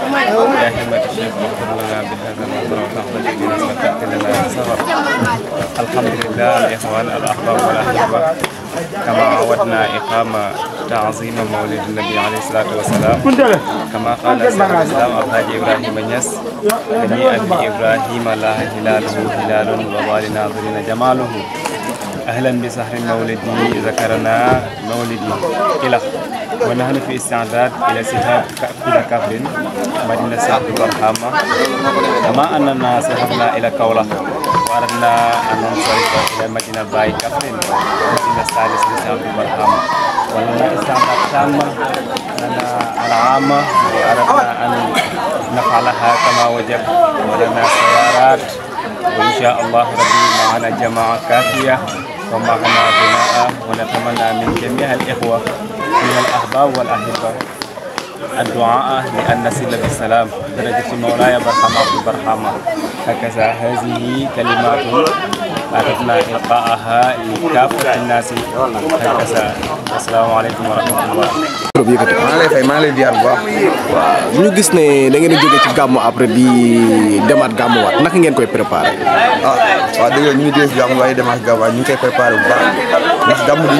الحمد لله الإخوان الأحباب والأحباب كما عودنا إقامة تعظيم مولد النبي عليه الصلاة والسلام كما قال سيد الإسلام الحاج إبراهيم بني ابي ابراهيم لا هلاله هلال وظال ناظرين جماله أهلا بسهر مولدي ذكرنا مولدي إلى ونحن في استعداد إلى سحاب كاكولا كفر مدينة سعد الرحمة كما أننا سحبنا إلى كولا وأردنا أن ننصرف إلى مدينة باي كفر مدينة الثالث لسعد الرحمة ولنا استعداد تام لنا العامة وأردنا أن نفعلها كما وجب ولنا سيارات وإن شاء الله ربي معنا جماعة كافية ومعنا بناء ونتمنى من جميع الإخوة من الأحباب والأحبة الدعاء لأن نصل بالسلام درجة مولاي برحمة برحمة هكذا هذه كلمات أردنا إلقاءها لكافة الناس هكذا السلام عليكم ورحمة الله maa lay fay maa lay diar bu baax waaw di demaat gàmmuwaat naka ngeen koy préparé ah waaw dëgg la ñu ngi jóge ci gàmmu waaye demaat gàmmuwaat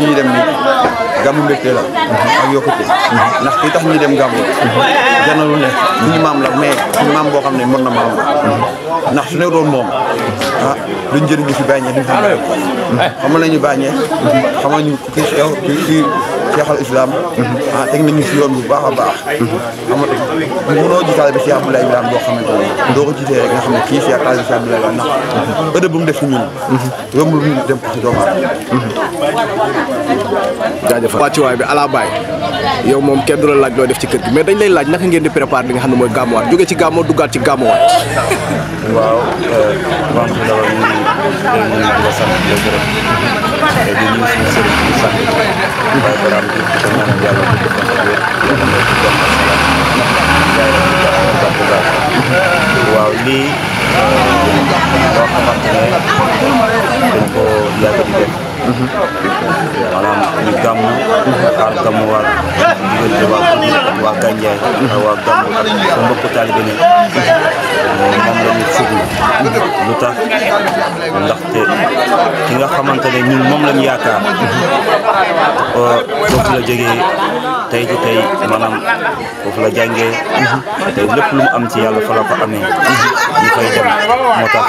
ñu gàmmu mbégte la ak yokkute ndax kii tax ñu dem gàmmu janalu ne suñu maam la mais suñu maam boo xam ne mën na maam la ndax su ne doon moom ah luñ jëriñ ñu fi bàññee duñ xam xamal nañu ñu kii xew kii Cheikh al Islam ah teg nañu si yoon bu baax a baax xam nga mënoo jiitaale bi Cheikh Abdoulaye Wilane boo xamante ne doo ko jiitee rek nga xam ne kii Cheikh al Islam bi la ndax ëdëb bu mu def si ñun yombul ñu dem ko si doomu jaajëfal bi ala baay yow moom kenn du la laaj looy def ci kër gi mais dañ lay laaj naka ngeen di préparer li nga xam ne mooy gàmmuwaat jóge ci gàmmoo ci gàmmuwaat waaw euh, man waa Gandiaye ak waa Gambo ak mbokku taalibe ni moom la ñu lu tax ndaxte ki nga xamante ne ñun moom lañ yaakaar foofu la jógee tey tey maanaam foofu la jàngee tey lépp lu mu am ci yàlla fa la ko amee ñu koy dem moo tax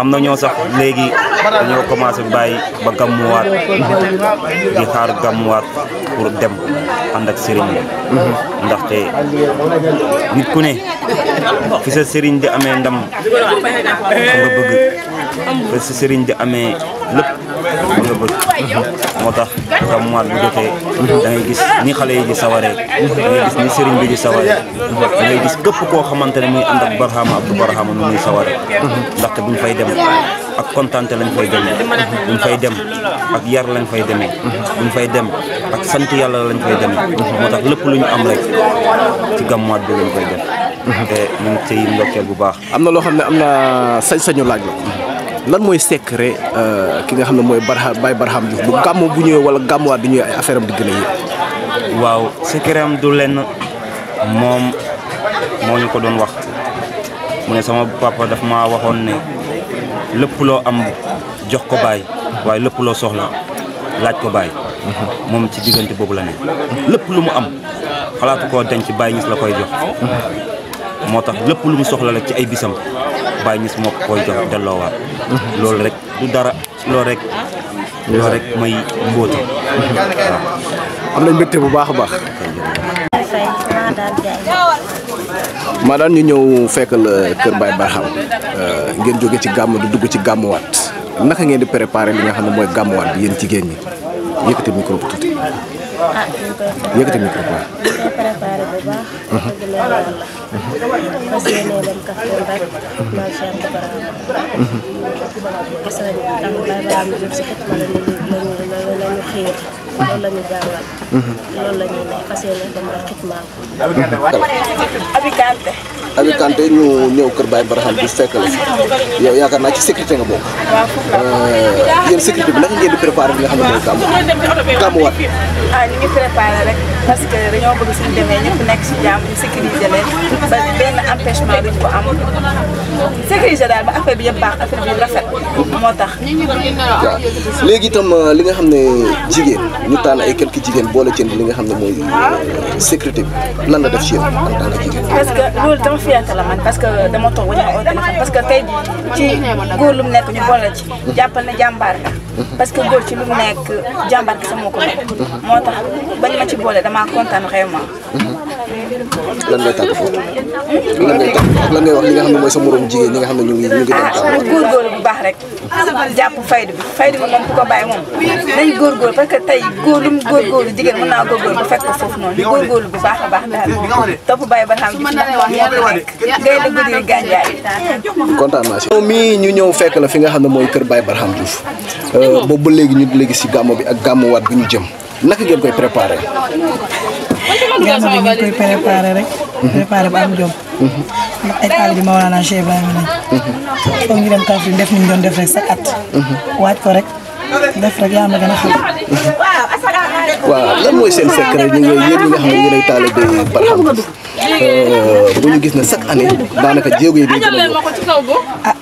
am na ñoo sax léegi dañoo commencé bàyyi ba gàmmuwaat di xaar gàmmuwaat pour dem ànd ak sëriñ bi ndaxte nit ku sëriñ di amee ndam nga bëgg sëriñ di amee lépp dañoo moo tax tam mois bu jotee da ngay gis ni xale yi di sawaree da ngay gis ni bi di sawaree da ngay gis képp koo xamante ne muy ànd ak barxaama abdu barxaama nu muy sawaree ndaxte buñ fay dem ak kontante lañ fay dem buñ fay dem ak yar lañ fay demee buñ fay dem ak sant yàlla lañ fay dem moo tax lépp lu ñu am rek ci gàmmuwaat bi lañ koy def te ñu ngi ciy ndokkeel bu baax am na loo xam ne am naa sañ-sañu laaj la lan mooy secret euh, ki nga xam ne mooy Barha Baye Barham Diouf bu gàmm bu ñëwee wala gàmmuwaat di ñëwee ay affaire am di gën a yëg. waaw secret am du lenn moom moo ñu ko doon wax mu ne sama papa dafa ma waxoon ne lépp loo am jox ko baay waaye lépp loo soxla laaj ko baay. moom ci diggante boobu la lépp lu mu am xalaatu koo denc Baye Niass la koy jox. moo tax lépp lu mu soxla la ci ay bisam Baye Niass moo koy jox delloowaat loolu rek du dara loolu rek loolu rek may mbóote am nañ mbégte bu baax a baax maadaan ñu ñëw fekkal keur bay Barham euh, ngeen jóge ci gàmm du dugg ci wat naka ngeen di préparer li nga xamne moy mooy wat yeen ci geen ñi yëkkati micro tout tuuti ah, micro bu fas yéenee dem Kaftoum rek maam Cheikh Ibrahima gis nañ am Baye Barham Diop si xitma la ñu la ñu xiir loolu la ñu jàngal loolu la ñuy ne fas yéenee dem rek xitmaam Abi Kanté Ami Kanté ñu ñëw Kër Baye Barham bi fekk la yaakaar naa ci sécurité nga bokk euh, yéen sécurité bi naka ngeen di préparé bi nga xam ne mooy gàmmu gàmmu waat ah ñu ngi bi yëpp baax affaire bi rafet moo tax léegi itam euh, li nga xam ne jigéen ñu tànn ay quelques jigéen boole ci li nga xam ne mooy euh, sécurité bi lan la def ci yéen en tant que jigéen fierté la man parce que dama toog ba ñu parce que tey ci góor lu mu nekk ñu boole ci jàppal na jàmbaar ci lu mu nekk jàmbaar gi sama ko moo tax bañ ma ci boole damaa kontaan vraiment lan ngay tàggatoo lan ngay tàggatoo ak lan ngay wax li nga xam ne mooy sa morom jigéen ñi nga xam ne ñu ngi ñu ngi dem tàggatoo ah, góorgóorlu bu baax rek jàpp faydu bi faydu bi moom ku ko bàyyi moom nañ góorgóorlu parce que tey góor lu mu góorgóorlu jigéen mën naa góorgóorlu bu fekk ko foofu noonu ñu góorgóorlu bu baax a baax daal topp ba kontaan naa si. mii ñu ñëw fekk la fi nga xam ne mooy kër Baye Barham Diouf euh, boobu ba léegi ñu léegi si gàmmu bi ak gàmmuwaat bi ñu jëm naka ngeen koy préparé. gàmmu bi ñu koy préparé rek. Mhm. préparé ba am jom. Mhm. ndax ay taalibe Mawlana Cheikh Ibrahima lañ. Mhm. foog dem Kaffrine def ni ñu doon def rek sa at. waaj ko rek def rek yaa ma xam. waaw lan mooy seen secret ñu ngi yéen ñi nga xam ne yéenay taalibe Barham euh, bu ñu gis ne chaque année daanaka jéego yi day gën a yokku. ah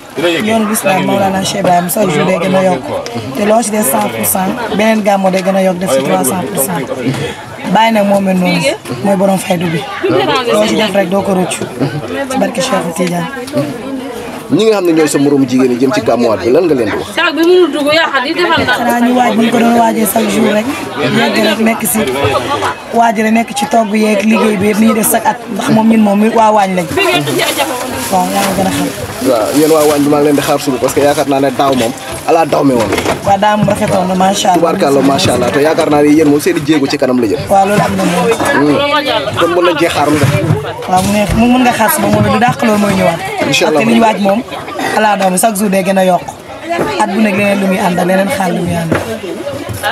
yoonu lislaam Mawlana Cheikh Ibrahima chaque jour day gën a yokku te loo ci def 100 pour cent beneen gàmmu day gën a yokk def ci 300 pour cent bàyyi nag moo mel noonu mooy borom faydu bi loo ci def rek doo ko rëccu ci barke Cheikh Tidiane. ñu ngi xam ne ñooy sa moromu jigéen ñi jëm ci gàmmuwaat bi lan nga leen di wax. saag ñu waaj ñu ko doon waajee chaque jour rek. yegg nekk si waaj rek nekk ci bi yeeg liggéey bi yëpp ni ñuy def chaque at ndax moom ñun moom waa waañ lañ. waaw yaa ngi gën a xam. waa waañ bi maa leen di xaar suba parce que yaakaar naa ne daaw moom ala daaw mi woon. waaw daa am rafetoon na macha allah. tubaarkàlla macha allah yaakaar naa ne yéen moom seen i jéego ci kanam la jëm. waaw loolu am na moom. Hmm. kon mën nañ cee xaar nga. waaw mu ne mu mën nga xaar suba moom du dàq loolu mooy ñëwaat. ak li ñu waaj moom xalaat doom chaque jour day gën a yokk at bu nekk leneen lu muy àndal leneen xaal lu muy àndal.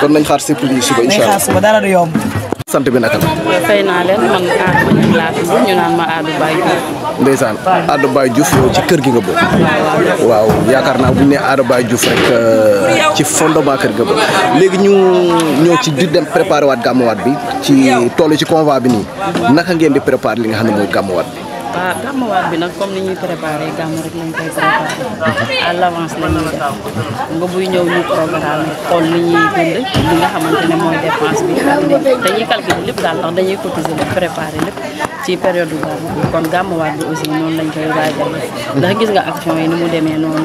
kon nañ xaar surprise suba incha allah suba dara du yomb. sant bi naka la. fay naa leen man Adou Baye laa tudd ñu naan ma Adou Baye Diouf. ci kër gi nga bokk. waaw yaakaar naa bu ñu nee Adou Baye Diouf rek euh, ci fondement kër gi nga bokk léegi ñu ñoo ci di dem préparé waat gàmmuwaat bi ci toolu ci convoi bi nii naka ngeen di préparé li nga xam ne mooy gàmmuwaat waaw gàmmuwaat bi nag comme ni ñuy préparé gàmmu rek lañ koy préparé à l'avance la ñuy def nga buy ñëw ñu programme xool ni ñuy dund li nga xamante ne mooy dépense bi dañuy calculer lépp daal ndax dañuy cotiser lépp préparé lépp ci période bu gàmmu kon gàmmuwaat bi aussi noonu lañ koy waajale ndax gis nga action yi ni mu demee noonu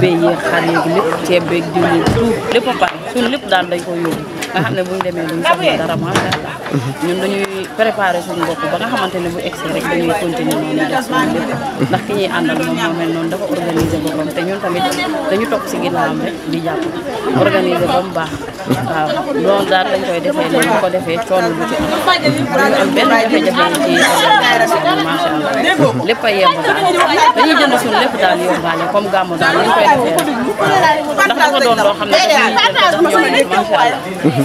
béy yi xar yi lépp ceeb beeg diw yi tout lépp a pare suñ lépp daal dañ ko yóbbu nga xam ne bu ñu demee duñ soxla dara macha allah. ñun dañuy préparer suñu bopp ba nga xamante ne bu egsi rek dañuy continuer noonu def suñu lépp. ndax ki ñuy àndal moom moo mel tamit dañu topp si ginnaawam rek di jàpp. organiser ba mu baax. waaw loolu daal dañ koy defee léegi bu ko defee coono bu ci am. am benn jafe-jafe ci organisation bi macha allah. lépp a yemb daal dañuy jënd suñu lépp daal yombaale comme gàmmu daal ni ñu defee ndax dafa doon loo xam ne dafa ñuy allah.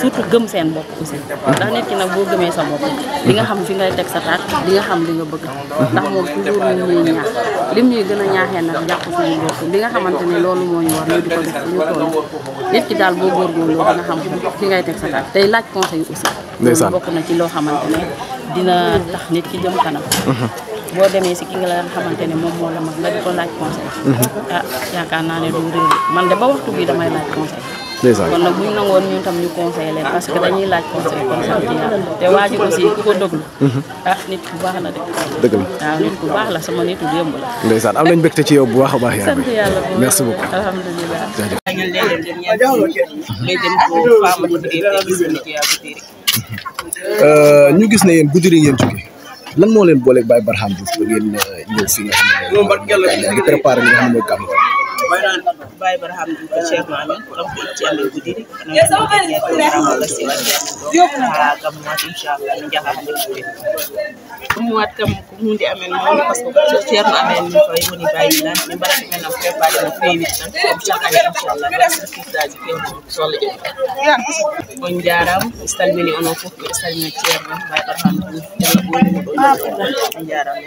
surtout gëm seen bopp aussi ndax nit ki nag boo gëmee sa bopp di nga xam fi ngay teg sa taat di nga xam li nga bëgg ndax moom toujours ñu ñuy ñaax lim ñuy gën a ñaaxee nag jàpp suñu li nga xamante ne loolu moo ñu war ñu di ko def ñu toll nit sa taat tey laaj conseil aussi loolu bokk na ci loo xamante ne dina tax nit ki jëm kanam mhm. boo demee si ki nga la xamante ne moom moo la mag nga di ko laaj conseil mhm. ah yaakaar naa ne du réer man de ba waxtu bi damay laaj conseil ndeysaan kon nag bu ñu ñun tam ñu conseillé parce que dañuy laaj conseil comme sant yàlla te waajur aussi ku ko déglu ah nit ku baax la de dëgg la nit ku baax la sama nitu la am nañ ci yow bu baax baax yaa merci beaucoup alhamdulilah dañu leen gis ni ci yaa Goudiri euh, ngeen lan leen Baye Barham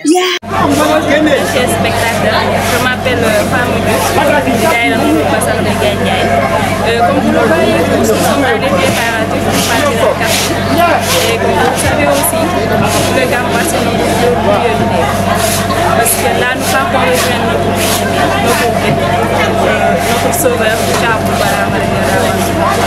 Diouf spectateur je m'appelle Femme Diouf Gaël Bassam de Gandiaye. comme vous le voyez, nous sommes dans les préparatifs pour partir de Cameroun. Et comme vous le savez aussi, le Cameroun, c'est notre priorité. Parce que là, nous partons rejoindre notre notre, notre sauveur, Charles Boubara Marie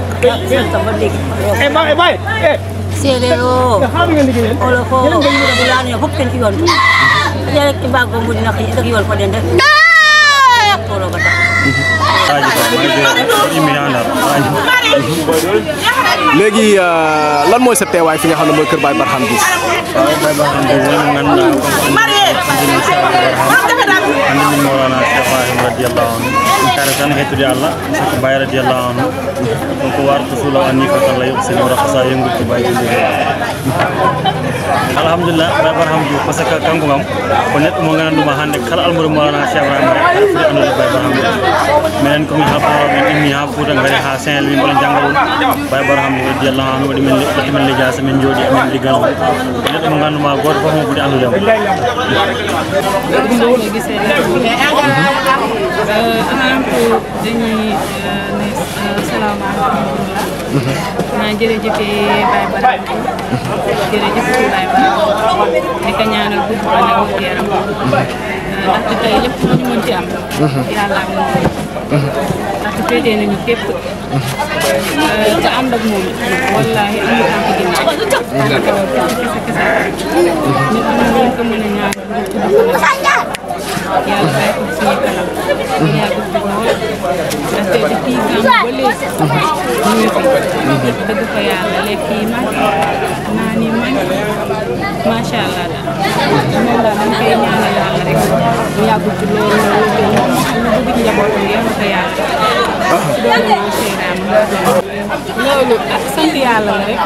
เอ้ยไม่ไม่เสียเลยโอ้โหโอ้โหยังไม่ยุ่งกบเวลาเนี่ยพบก็นกี่วันยังกินบางกุ้งบุญนักยังกี่วันพอเดินเด้อ léegi euh, lan mooy sa teewaay fi nga xam ne mooy kër Baye Barham Diouf. waaw Baye Barham Diouf ñu ngi naan comme comme Mawlana Cheikh Ibrahim radiyallahu anhu alhamdulillah ala barhamdu ko sakka kanko kam ko neɗɗo mo gandanɗuma hannde kala almudo mawlana cheikh ibrahima rek aɗa foti andude bay barhamdu minen komin ha pawa min immi ha fouta gaari ha saint louis mboɗen jangga ɗum bay barhamdu radiallahu anu waɗi min ɗottimin liggasa min jooɗi amin liggal ko ko neɗɗo mo gandanɗuma goto foof mo foti andudemo avant tout dañuy ne salaamaaleykum naa jërëjëfee Baye Bara jërëjëfee Baye Bara di ko ñaanal gudd fan ak wér yaram ndaxte tey lépp lu ñu mën ci am yàlla am na ndaxte féetee nañu moom wallaahi amul tànk ginnaaw ndaxte kese kese yàlla bàyyi ko suñu kanam. yàgg fi lool parce que depuis gàmm ba léegi. ñu ngi fi. dëgg fa yàlla lekk yi manqué naan yi manqué macha allah daal. moom daal dañ koy ñaanal yàlla rek yàgg ci loolu loolu te moom moo xam ne bëgg njabootam yàlla fa yàlla. loolu mooy seeraam loolu ak sant yàlla la rek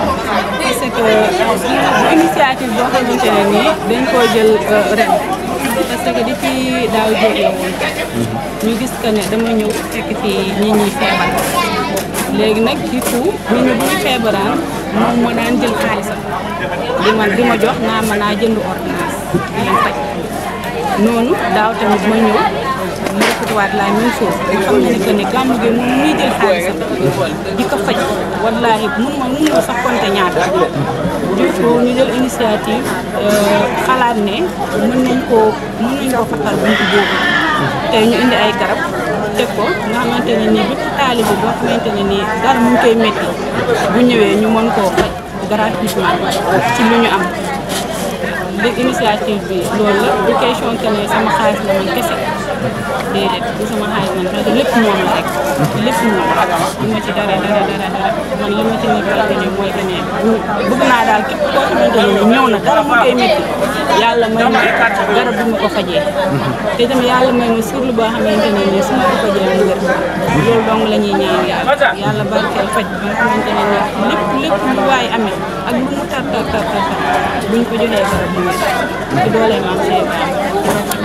parce que initiative boo xamante ne nii dañ koo jël ren. parce que depuis daaw jéeg ñu gis que ne dama ñëw fekk fii nit ñi feebar léegi nag du coup nit ñi bu ñu moom moo daan jël xaalisam di ma di ma jox naa mën naa jënd ordonnance leen noonu daaw tamit ma ñëw waat la même chose te xam na ne que ne gàmmu gi moom muy jël xaalisam di ko faj wallaahi mun ma mun ma sax compter ñaata du coup ñu jël initiative euh, xalaat ne mën nañ koo mën nañ koo fatal buntu boobu te ñu indi ay garab teg ko nga xamante ne nii bépp taalibe boo xamante ne nii dara mu ngi koy métti bu ñëwee ñu mën koo faj gratuitement ci lu ñu am li initiative bi loolu la du question ne sama xaalis la man kese déedéet du sama xaalis man parce que lépp moom la rek. lépp moom la li ma naa daal képp koo xamante ne ñëw na dara mu koy métti yàlla may ma dara bu ma ko fajee. te tamit yàlla may ma surlu boo xamante ne nii su ma ko fajee mu loolu dong la ñuy ñaan yàlla barkeel faj ba nga xamante ne nii lépp lépp lu waay amee ak lu mu tar tar tar tar buñ ko joxee dara bu wér ci doolee maam Cheikh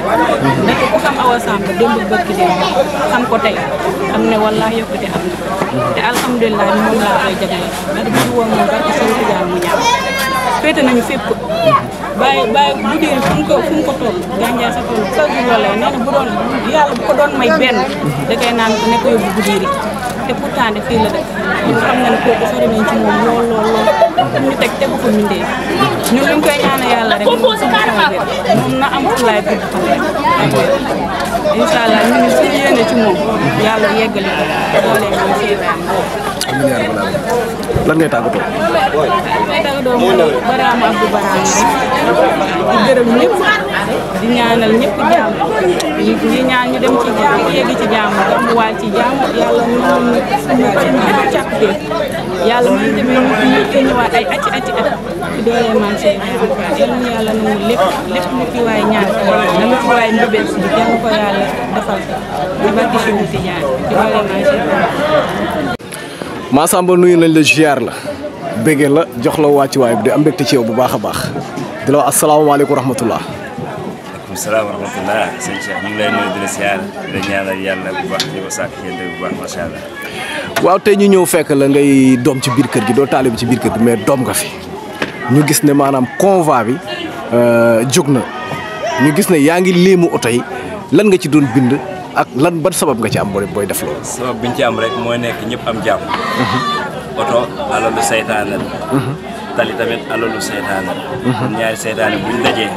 ndax ku xam Awa Samb démb bëgg démb xam ko tey xam ne wallaahi yokkute am na te alhamdulilah ni moom laa koy jagleel ndax bu ñu woon moom barke seen tijaan mu ñaaw féete nañu fépp bàyyi bàyyi bu dee fu ko fu mu ko toll gàncax sa tool sa ji loolee nee na bu doon yàlla bu ko doon may benn da koy naan ne ko yóbbu bu diiri te pourtant de fii la def ñun xam na kooku sori nañ ci moom lool lool. ñu teg tegu ko ñu dee ñun luñ koy ñaan yàlla rek moom na am fulaay bu incha allah ñu ngi si yéene ci moom yàlla yeggali ko xoolee moom milliard ba laal lan ngay tàggatoo baraam abdu baraam di gërëm ñëpp di ñaanal ñëpp jàmm di ñaan ñu dem ci jàmm yegg ci jàmm dem waa ci jàmm yàlla ñu ñu ñu càppe yàlla ñu dem ñu ñu ñu ñëwaat ay ati ati at ci doole maam sey yàlla ñu yàlla ñu lépp lépp ñu fi waay ñaan dama fi waay mbëbel ci jàmm ko yàlla defal ci barki suñu ci ñaan ci doole maam sey Massamba nuyu nañ la ziar la béggee la jox la wàccuwaay bi di am mbégte ci yow bu baax a baax di la wax asalaamaaleykum wa rahmatulah. waaleykum salaam wa waaw te ñu ñëw fekk la ngay doom ci biir kër gi doo taalib ci biir kër gi mais doom nga fi ñu gis ne maanaam convoi bi euh, jóg na ñu gis ne yaa ngi léemu oto lan nga ci doon bind ak lan ban sabab nga ci am booy def loolu. sabab bi ñu ci am rek mooy nekk ñëpp am jàmm. Mhm. alo lu seytaane la tali tamit lu seytaane la ñaari seytaane buñ dajee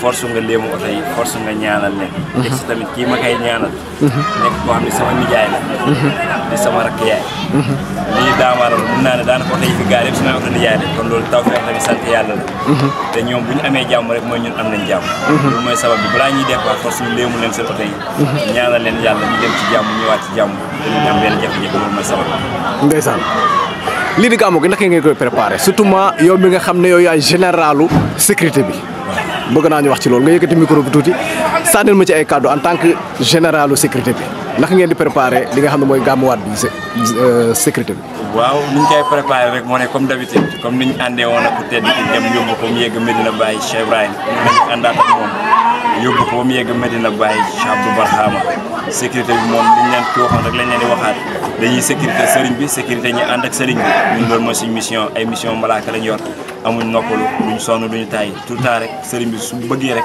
force nga léemu oto yi force nga ñaanal leen teg si tamit kii ma koy ñaanal sama nijaay la di sama rakk yaay lii daamaaral mun naa ne daanaka oto yi fi gaar yëpp sama oto nijaay la kon loolu taw fekk tamit sant yàlla la te ñoom bu ñu amee rek mooy ñun am nañ jàmm mhm. loolu mooy sabab bi balaa ñuy def force ñu léemu leen seen oto yi mhm. ñaanal leen yàlla ñu dem ci jàmm ñëwaat ci am benn jafe-jafe moom mooy sabab. ndeysaan lii di gàmmu gi naka ngeen koy préparé surtout ma yow mi nga xam ne yooyu yaay généralu sécurité bi bëgg naa ñu wax ci loolu nga yëkkati micro bi tuuti sànnil ma ci ay kàddu en tant que généralu sécurité bi naka ngeen di préparé li nga xam ne mooy gàmmuwaat bi euh, sécurité bi. waaw ni ñu koy préparé rek moo ne comme d'habitude comme ni ñu àndee woon ak ku tedd ki dem yóbbu ko mu yegg Medina Baye Cheikh Ibrahim ñu àndaat ak moom yóbbu sécurité bi moom liñ leen ci waxoon rek lañ leen di waxaat dañuy sécurité sëriñ bi sécurité ñi ànd ak sëriñ bi ñun loolu mooy suñu mission ay mission malaaka lañ yor amuñ noppalu duñ sonn duñu tàyyi tout le temps rek sëriñ bi su bëggee rek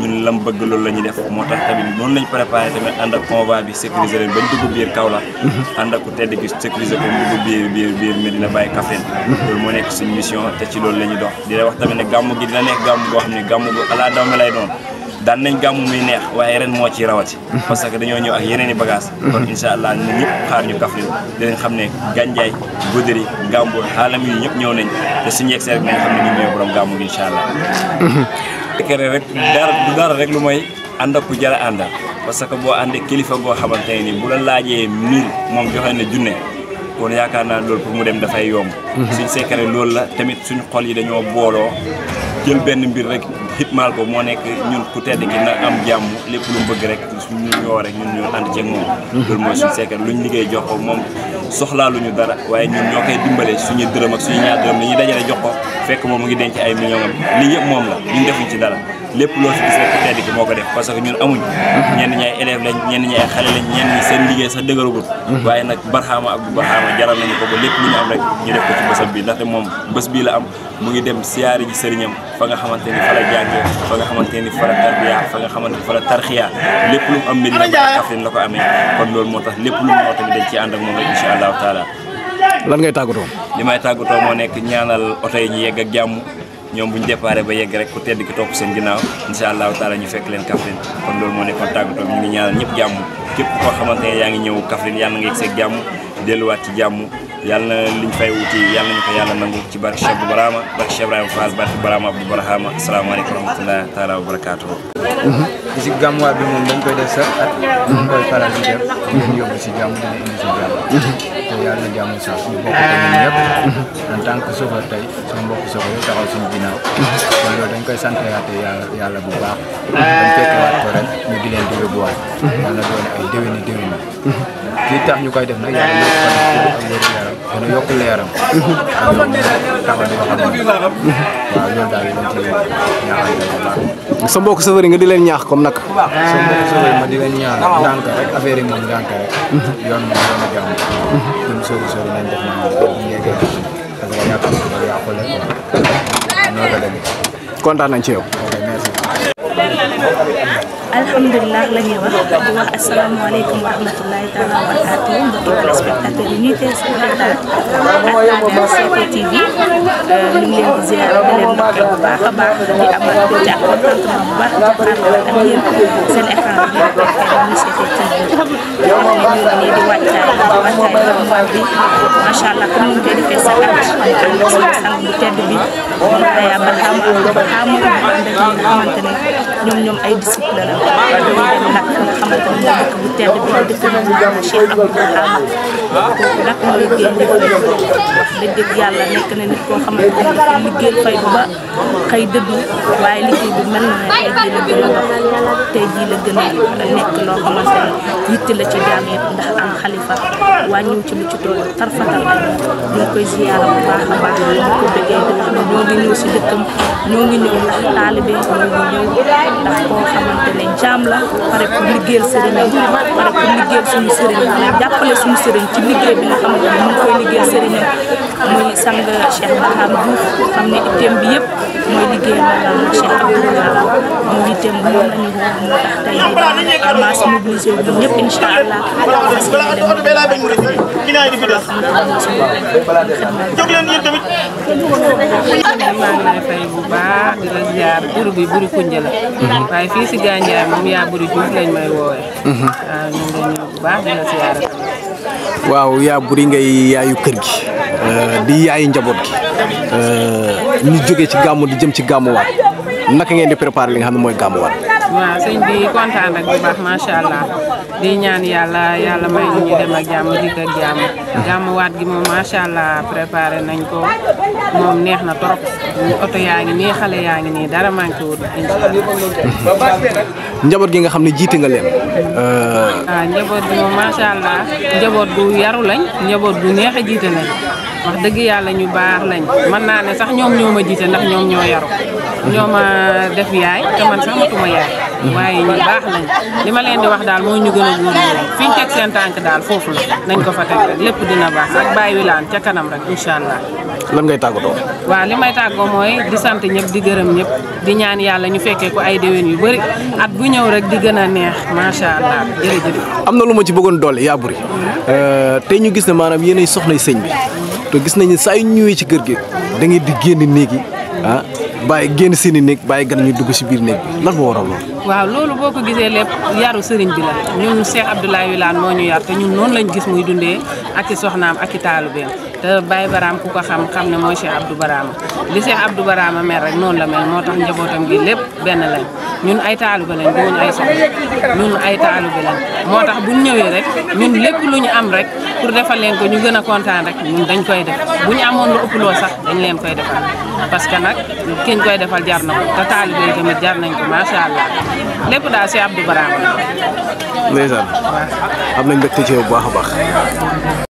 ñun lam bëgg loolu la ñuy def moo tax tamit noonu lañ préparé tamit ànd ak convoi bi sécuriser leen ba ñu dugg biir Kaolack mhm. ànd ak ku tedd gi sécuriser ko mu mhm. loolu moo nekk suñu mission te ci loolu la ñuy dox di wax tamit ne gàmm gi dina nekk gàmm goo xam ne gàmm gu alaa lay doon daan nañ gàmmu muy neex waaye ren moo ci rawati parce que dañoo ñëw ak yeneen i bagages mm-hmm. kon incha allah ñun ñëpp xaar ñu Kaffrine dinañ xam ne gànjaay Goudiri Gambo xaalam yi ñëpp ñëw nañ te suñu yegg see rek nañ xam ne ñu ñëw borom gàmmu gi incha allah mm-hmm. kere rek dara du dara rek lu mooy ànd ak ku jara àndal parce que boo àndee kilifa goo xamante ni bu la laajee mille moom joxe ne junne kon yaakaar naa lool pour mu dem dafay yomb mm-hmm. suñ sekkare loolu la tamit suñ xol yi dañoo booloo jël benn mbir rek xitmaal ko moo nekk ñun ku tedd ki na am jàmm lépp lu mu bëgg rek su ñu ñu woo rek ñun ñu ànd ceeg moom loolu mooy suñu secret luñ liggéey jox ko moom soxlaa luñu dara waaye ñun ñoo koy dimbale suñu dërëm ak suñu ñaar dërëm li ñu dajale jox ko fekk moom mu ngi denc ay millions am lii yëpp moom la lépp loo fi gis moo ko def parce que ñun amuñ ñenn ñi ay élève lañ ñenn ñi ay xale lañ ñenn ñi seen liggéey sax dëgëragul waaye nag barxaama ak bu barxaama jaral nañu ko ba lépp lu ñu ñu def ko ci bésam bi ndaxte moom bés bii la am mu ngi dem siyaari ji sëriñam fa nga xamante ni fa la jàngee fa nga xamante ni fa la fa nga lépp lu mu la ko amee kon loolu moo tax lépp lu mu wax tamit dañ ci ànd lan ngay tàggatoo. li may tàggatoo moo nekk ñaanal oto yi ñu yegg ak jàmm ñoom bu ñu déparé ba yegg rek ku tedd ki topp seen ginnaaw incha allahu taala ñu fekk leen Kaffrine kon loolu moo nekkoon tàggatoo ñu ngi ñaanal ñëpp jàmm képp koo xamante yaa ngi ñëw Kaffrine yàlla nga yegg seeg jàmm delluwaat ci jàmm yalla liñ fay wuti yalla ñu ko yalla nangul ci barke cheikh ibrahima barke cheikh ibrahima faas barke ibrahima abou ibrahima assalamu alaykum warahmatullahi taala wabarakatuh ci gamwa bi mom dañ koy def sa ak ñu koy faral di def ñu yobbu ci jamm ñu indi ci jamm yalla jamm sa ñu bokk ko ñun ñep en tant que sofa tay sama mbokk sofa sauveur taxaw suñu dina kon do dañ koy sante yaate yalla bu baax dañ fekk wat ko rek ñu di leen di yobbu wat yalla doon ay dewe ni eh, dewe ni ci tax ñu koy def nak yalla ñu ko gën a yokk leeram. sa mbokk nga di leen ñaax comme nag. sa a jàmm. ñun kontaan nañ ci yow. alhamdulillah la ñuy wax di wax asalaamaaleykum wa rahmatullahi taala wa barakaatu mbokki téléspectateur di ziar di leen ndokkeel bu baax a baax di amaat ci ak contentement bu baax ci ànd ak yéen seen allah comme ñu koy defee sa at ànd ak sama sang bu tedd bi moom waaye nag nga xamante ne moom dëkk bu tedd bi dëkk bu Cheikh Abdoul Khadr kooku nag mu liggéey liggéey dëgg yàlla nekk na nit koo xamante ne liggéey fay bu ba xëy dëddu waaye liggéey bi mel na ne tey jii la gën a jii la gën a nekk loo xamante ne la ci jaam yëpp ndax am xalifa wàññiw ci lu ci tool tarfatal ak ñu koy ziyaara bu baax a ñu ko bëggee di wax ne ñoo ngi ñëw si dëkkam ñoo ngi ñëw ndax taalibe ñoo ngi ñëw ndax koo xamante jaam la pare pour liggéeyal sëriñam pare pour liggéeyal suñu sëriñ jàppale ci liggéey bi nga xam ne ñu koy liggéey sëriñ muy sang Cheikh Barham Diouf xam ne itteem bi yëpp mooy liggéey maanaam Cheikh Abdoulaye muy itteem bu loolu lañu woo moo tax tey mobilisé wu ñëpp incha allah fay bu baax di la ziar buru buru kunja la waaye fii si moom buru lañ may woowee waaw waaw yaa buri ngay yaayu kër gi euh, di yaayu njaboot gi euh, ñu jógee ci gàmmu di jëm ci gàmmuwaat naka ngeen di préparer li nga xam ne mooy gàmmuwaat waaw nah, sëñ bi kontaan rek bu baax macha allah di ñaan yàlla ya yàlla may ñu dem ak jàmm dikk ak jàmm jàmm waat gi moom macha allah préparé nañ ko moom neex na trop oto yaa ngi nii xale yaa ngi nii dara manqué wut incha allah. njaboot gi nga xam ne jiite nga leen. waaw nah, njaboot gi moom macha allah njaboot gu yaru lañ njaboot gu neex a lañ wax dëgg yàlla ñu baax lañ mën naa ne sax ñoom ñoo ma ndax ñoom ñoo yaru ñoma def yaay te sax matuma yaay waaye ñu baax lañ li leen di wax dal mooy ñu gën a góorgóorlu fi seen tànk daal foofu la nañ ko fa teg rek lépp dina baax ak ca kanam rek lan ngay di sant ñëpp di gërëm ñëpp di ñaan yàlla ñu fekkee ko ay déwén yu at bu rek di allah jërëjëf am na lu ci bëggoon buri euh, tey ñu gis ne maanaam yéenay soxnay sëñ bi te gis nañu saa ci kër gi da di ah bàyyi génn seen i néeg bàyyi gan ñu dugg si biir néeg bi lan moo waral loolu. waaw loolu boo ko gisee lépp yaru sëriñ bi la ñun Cheikh Abdoulaye Wilane moo ñu yar te ñun noonu lañ gis muy dundee ak i soxnaam ak i taalubeem te Baye Barame ku ko xam xam ne mooy Cheikh Abdou Barama li Cheikh Abdou Barama mel rek noonu la mel moo tax njabootam gi lépp benn lañ ñun ay taalibe lañ duñu ay soxla ñun ay taalibe lañ moo tax bu ñu ñëwee rek ñun lépp lu ñu am rek pour defal leen ko ñu gën a kontaan rek ñun dañ koy def bu ñu amoon lu ëpp loo sax dañ leen koy defal parce que nag kiñ koy defal jar na ko te taalibe yi jar nañ ko macha allah lépp daal Cheikh Abdou Barama. ndeysaan am nañ mbégte ci yow baax a